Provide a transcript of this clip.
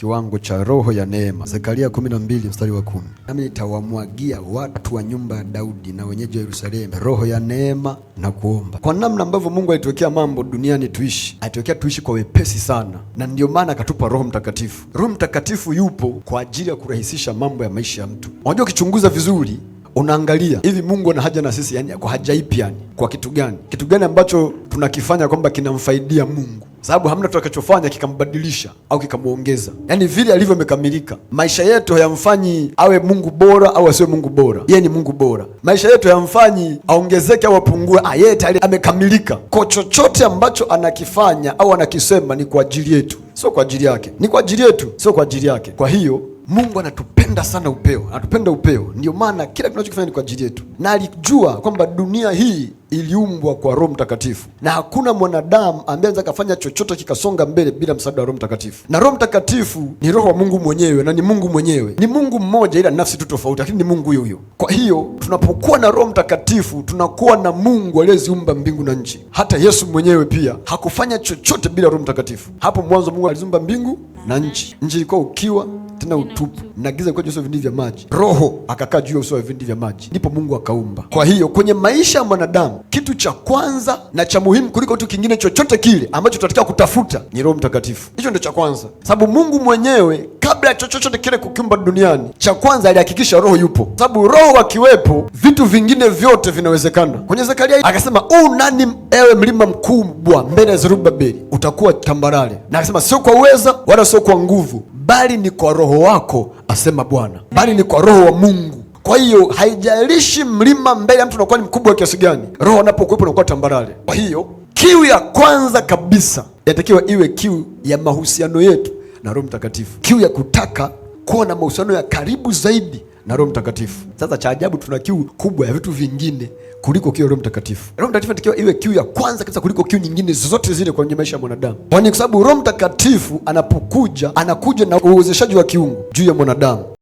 kiwango cha roho ya neema. Zekaria 12 mstari wa 10, nami nitawamwagia watu wa nyumba ya Daudi na wenyeji wa Yerusalemu roho ya neema na kuomba. Kwa namna ambavyo Mungu alituwekea mambo duniani tuishi, alituwekea tuishi kwa wepesi sana, na ndio maana akatupa Roho Mtakatifu. Roho Mtakatifu yupo kwa ajili ya kurahisisha mambo ya maisha ya mtu. Unajua, ukichunguza vizuri unaangalia hivi Mungu ana haja na sisi, yani kwa haja ipi? Yani kwa kitu gani? Kitu gani ambacho tunakifanya kwamba kinamfaidia Mungu, sababu hamna tutakachofanya kikambadilisha au kikamwongeza. Yaani vile alivyo amekamilika Maisha yetu hayamfanyi awe Mungu bora au asiwe Mungu bora, yeye ni Mungu bora. Maisha yetu hayamfanyi aongezeke au apungue, ah, yeye tayari amekamilika. Kwa chochote ambacho anakifanya au anakisema ni kwa ajili yetu, sio kwa ajili yake, ni kwa ajili yetu, sio kwa ajili yake. Kwa hiyo Mungu anatupa anapenda sana upeo, anatupenda upeo, ndio maana kila tunachokifanya ni kwa ajili yetu, na alijua kwamba dunia hii iliumbwa kwa Roho Mtakatifu na hakuna mwanadamu ambaye anaweza kafanya chochote kikasonga mbele bila msaada wa Roho Mtakatifu. Na Roho Mtakatifu ni Roho wa Mungu mwenyewe na ni Mungu mwenyewe, ni Mungu mmoja, ila nafsi tu tofauti, lakini ni Mungu huyo huyo. Kwa hiyo tunapokuwa na Roho Mtakatifu tunakuwa na Mungu aliyeziumba mbingu na nchi. Hata Yesu mwenyewe pia hakufanya chochote bila Roho Mtakatifu. Hapo mwanzo Mungu aliziumba mbingu na nchi, nchi ilikuwa ukiwa na utupu, na giza likawa juu ya vya maji, Roho akakaa juu ya uso wa vya maji, ndipo Mungu akaumba. Kwa hiyo kwenye maisha ya mwanadamu kitu cha kwanza na cha muhimu kuliko kitu kingine chochote kile ambacho tunatakiwa kutafuta ni Roho Mtakatifu. Hicho ndio cha kwanza, sababu Mungu mwenyewe kabla ya chochote kile kukiumba duniani, cha kwanza alihakikisha roho yupo, sababu roho akiwepo vitu vingine vyote vinawezekana. Kwenye Zekaria akasema u nani, ewe mlima mkubwa, mbele ya Zerubabeli utakuwa tambarare, na akasema sio kwa uweza wala sio kwa nguvu, bali ni kwa roho wako, asema Bwana, bali ni kwa roho wa Mungu. Kwa hiyo haijalishi mlima mbele ya mtu unakuwa ni mkubwa kiasi gani, roho anapokuwepo unakuwa tambarare. Kwa hiyo kiu ya kwanza kabisa yatakiwa iwe kiu ya mahusiano yetu na Roho Mtakatifu, kiu ya kutaka kuwa na mahusiano ya karibu zaidi na Roho Mtakatifu. Sasa cha ajabu, tuna kiu kubwa ya vitu vingine kuliko kiu ya Roho Mtakatifu. Roho Mtakatifu anatakiwa iwe kiu ya kwanza kabisa kuliko kiu nyingine zozote zile kwenye maisha ya mwanadamu, nini? kwa sababu Roho Mtakatifu anapokuja anakuja na uwezeshaji wa kiungu juu ya mwanadamu.